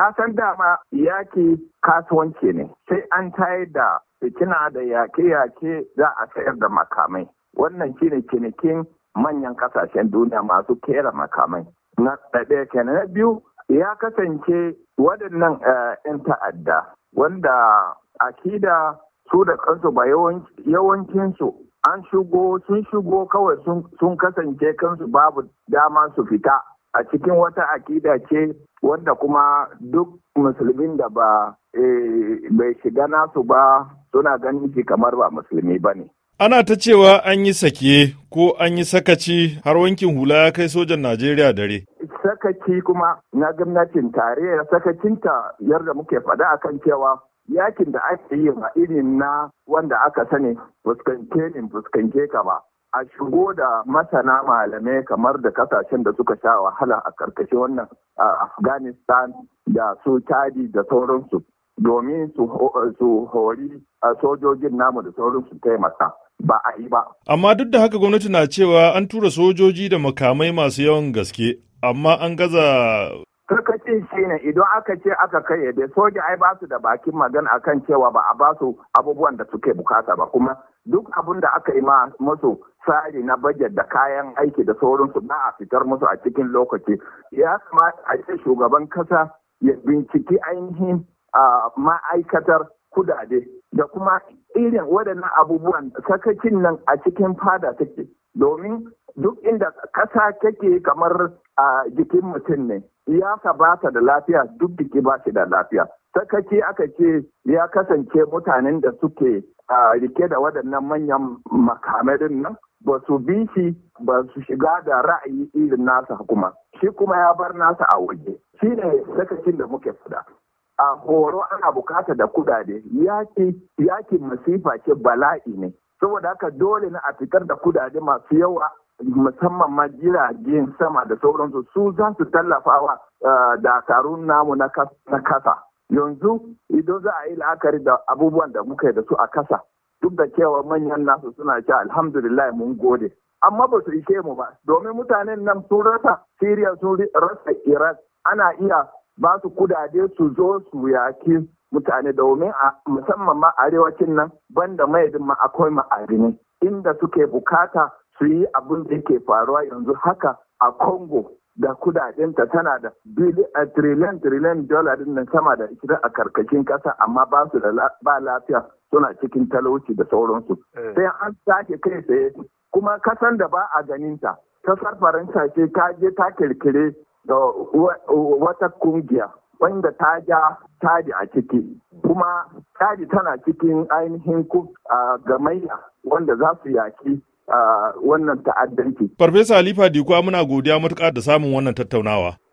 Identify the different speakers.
Speaker 1: Ka san dama yaki kasuwanci ne, sai an tayar da fitina da yake-yake za a sayar da makamai. Wannan shine cinikin manyan kasashen duniya masu kera makamai. Na ɗaya kenan na biyu ya kasance waɗannan eh, 'yan ta'adda wanda akida su da kansu ba yawancinsu an shigo sun shigo kawai sun kasance kansu babu dama su fita a cikin wata akida ce wanda kuma duk musulmin da ba eh, bai shiga nasu ba suna ganin shi kamar ba musulmi ba ne.
Speaker 2: Ana ta cewa an yi sake ko an yi sakaci har wankin hula ya kai sojan Najeriya dare.
Speaker 1: Sakaci kuma na gwamnatin ya sakacinta yadda muke faɗa kan cewa yakin da ake yi ba irin na wanda aka sani fuskance ne fuskance ka ba. a shigo da masana malamai kamar da kasashen da suka sha wahala a karkashin wannan a afghanistan da su tadi da sauransu domin su hori a sojojin namu da sauransu taimaka ba a yi ba.
Speaker 2: Amma duk da haka gwamnati na cewa an tura sojoji da makamai masu yawan gaske, amma an gaza
Speaker 1: karkacin shi ne idan aka ce aka kai da soja ai basu da bakin magana akan cewa ba a basu abubuwan da suke bukata ba kuma duk abun da aka yi masu tsari na bajet da kayan aiki da sauransu ba a fitar musu a cikin lokaci ya kamata a ce shugaban kasa ya binciki ainihin ma'aikatar kudade da kuma irin waɗannan abubuwan sakacin nan a cikin fada take domin duk inda kasa kake kamar a jikin mutum ne ka ba ta da lafiya duk jiki ba shi da lafiya sakaci aka ce ya kasance mutanen da suke a rike da waɗannan manyan makamarin nan ba su bi shi ba su shiga da ra'ayi irin nasa kuma shi kuma ya bar nasa a waje shi ne sakacin da muke fada a horo ana bukata da kudade yaki masifa ce bala'i ne saboda haka dole ne a fitar da kudade masu yawa musamman ma jiragen sama da sauransu su za su tallafawa eh, dakarun namu na kasa yanzu idan za a yi la'akari da abubuwan da muka yi da su a kasa duk da cewa manyan nasu suna cewa alhamdulillah mun gode amma ba su ishe mu ba domin mutanen nan sun rasa siriya sun rasa iraq ana iya ba su kudade su zo su yaki mutane domin a musamman ma arewacin nan banda maidin ma akwai ma'adini inda suke bukata su yi abin da yake faruwa yanzu haka a Congo da kudadenta tana da eh, triliyan triliyan dollar din nan sama da ishirin a karkashin kasa amma ba su da ba lafiya suna cikin talauci da sauransu eh. sai an sake kai tsaye kuma kasan da ba a ta kasar faransa ce ta je ta kirkire da wata kungiya wanda ta ja tadi a ciki kuma tadi tana cikin ainihin a gamayya wanda za su yaki wannan ta'addanci.
Speaker 2: Farfesa Halifa Diko muna godiya matuƙa da samun wannan tattaunawa.